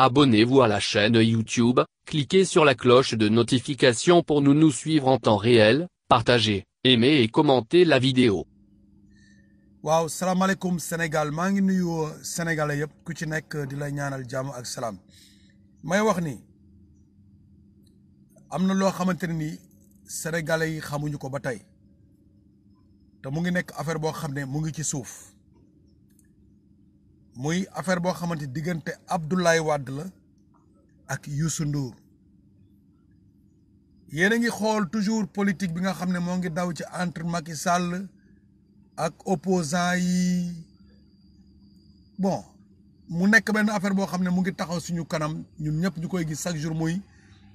Abonnez-vous à la chaîne YouTube, cliquez sur la cloche de notification pour nous nous suivre en temps réel, partagez, aimez et commentez la vidéo. waaw salaamaaleykum Sénégal maa ngi nuyu sénégalais yëpp ku ci nekk di la ñaanal jàmm ak salaam may wax ni am na loo xamante ne ni sénégalais yi xamuñu ko ba tey te mu ngi nekk affaire boo xam ne mu ngi ci suuf. muy affaire boo xamante diggante Abdoulaye Wade la ak Youssou Ndour yéen a ngi xool toujours politique bi nga xam ne moo ngi daw ci entre Macky Sall ak opposant yi bon mu nekk benn affaire boo xam ne mu ngi taxaw suñu kanam ñun ñëpp ñu koy gis chaque jour muy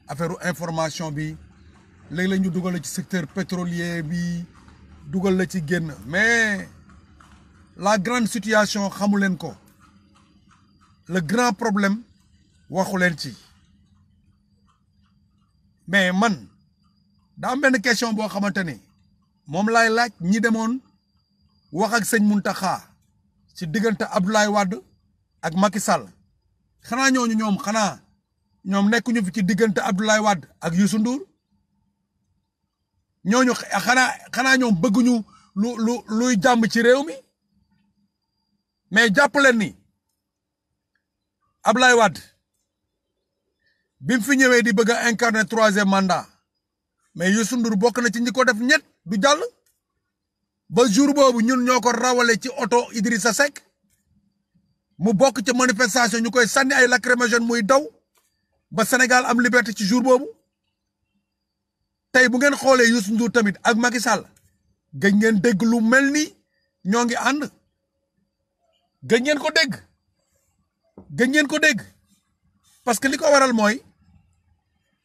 affaire information bi léeg-léeg ñu dugal la ci secteur pétrolier bi dugal la ci génn mais la grande situation xamu leen ko le grand problème waxu leen ci mais man daa am benn question boo xamante ni moom laay laaj ñi demoon wax ak sëñ Mountakha ci diggante Abdoulaye Wade ak Macky Sall xanaa ñooñu ñoom xanaa ñoom nekkuñu fi ci diggante Abdoulaye Wade ak Youssou Ndour ñooñu xanaa xanaa ñoom bëgguñu lu lu luy jàmm ci réew mi mais jàpp ni. Ablaye Wade bi fi ñëwee di bëgg a incarner troisième mandat mais Youssou Ndour bokk na ci ñi ko def ñett du jàll ba jour boobu ñun ñoo ko rawale ci oto Idrissa Seck mu bokk ci manifestation ñu koy sànni ay lacrymogène muy daw ba Sénégal am liberté ci jour boobu tey bu ngeen xoolee Youssou tamit ak Macky Sall gëj ngeen dégg lu mel ni ñoo ngi ànd gëj ngeen ko dégg. gën ngeen ko dégg parce que li ko waral mooy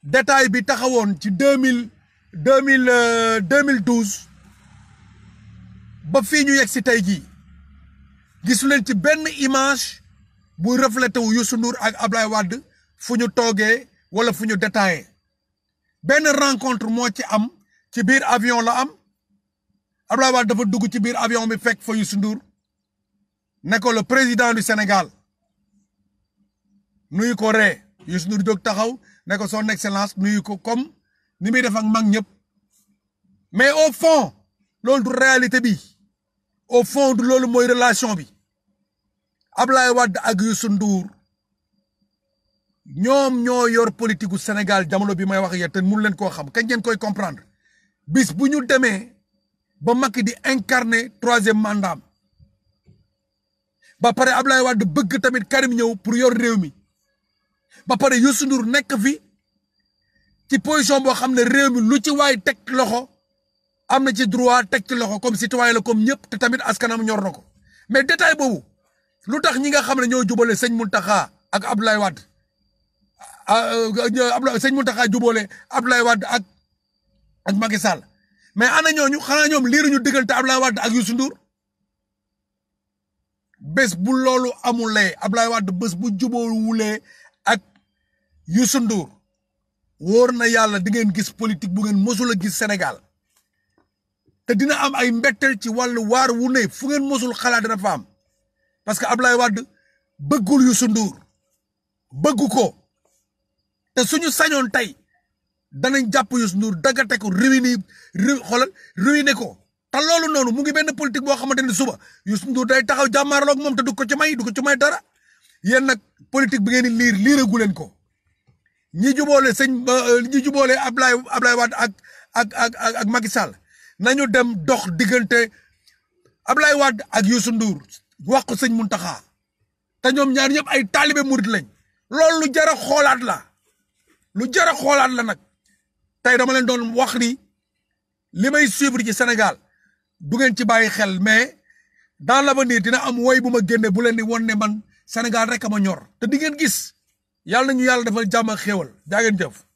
détail bi taxawoon ci deux mille deux mille euh, deux mille douze ba fii ñu yegg si tey jii gisu leen ci benn image bu reflété wu Youssou ak Ablaye Wade fu ñu toogee wala fu ñu détaillé benn rencontre moo ci am ci biir avion la am Ablaye Wade dafa dugg ci biir avion bi fekk fa Youssou Ndour ne ko le du Sénégal. nuyu ko ree Youssou Ndour jóg taxaw ne ko son excellence nuyu ko comme ni muy def mag ñëpp mais au fond loolu du réalité bi au fond du loolu mooy relation bi laay Wade ak Youssou Ndour ñoom ñoo yor politique gu Sénégal jamono bi may wax ak yéen te mun leen koo xam kañ ngeen koy comprendre bis bu ñu demee ba Macky di incarner troisième mandat ba pare Ablaye Wade bëgg tamit Karim ñëw pour yor réew mi. ba pare Youssou Ndour nekk fi ci position boo xam ne réew mi lu ci waay teg loxo am na ci droit teg ci loxo comme citoyen la comme ñëpp te tamit askanam ñor na ko mais détail boobu lu tax ñi nga xam ne ñoo jubale mu Mountakha ak Abdoulaye Wade mu ah, euh, Mountakha jubale ablay Wade ak ak Macky Sall mais ana ñooñu xanaa ñoom liiruñu diggante Abdoulaye Wade ak Youssou Ndour bés bu loolu amulee Abdoulaye Wade bés bu jubóowulee Youssou Ndour wóor na yàlla di ngeen gis politique bu ngeen mosul a gis senegal te dina am ay mbetteel ci wàllu waar wu ne fu ngeen mosul xalaat dina am parce que Ablaye Wade bëggul Youssou Ndour bëggu ko te suñu sañoon tey danañ jàpp Youssou Ndour daggate ko ruiné xoolal ruiné ko te loolu noonu mu ngi benn politique boo xamante ni suba Youssou Ndour day taxaw jàmmaarloog moom te du ko ci may du ko ci may dara yéen nag politique bi ngeen di liir liiragu leen ko. ñi jubóole sëñ euh, ñi juboole Ablaye Ablaye Wade ak ak ak ak Macky Sall nañu dem dox diggante Ablaye Wade ak Youssou Ndour wax ko sëñ Mountakha te ñoom ñaar ñëpp ay taalibe murit lañ lool lu jar a xoolaat la lu jar a xoolaat la nag tey dama leen doon wax ni li may suivre ci Sénégal du ngeen ci bàyyi xel mais dans l'avenir dina am woy bu ma génne bu leen di won ne man senegal rek a ma ñor te di ngeen gis. yàlla nañu yàlla defal jàmm ak xéewal jaa